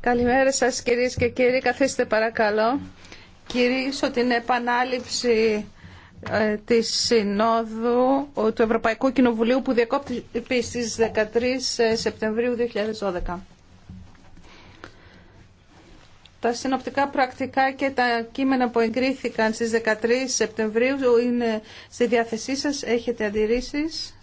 Καλημέρα σας κυρίες και κύριοι. Καθίστε παρακαλώ. Κυρίσω την επανάληψη ε, της Συνόδου ε, του Ευρωπαϊκού Κοινοβουλίου που διακόπτει στις 13 ε, Σεπτεμβρίου 2012. Τα συνοπτικά πρακτικά και τα κείμενα που εγκρίθηκαν στις 13 Σεπτεμβρίου είναι στη διάθεσή σας. Έχετε αντιρρήσεις.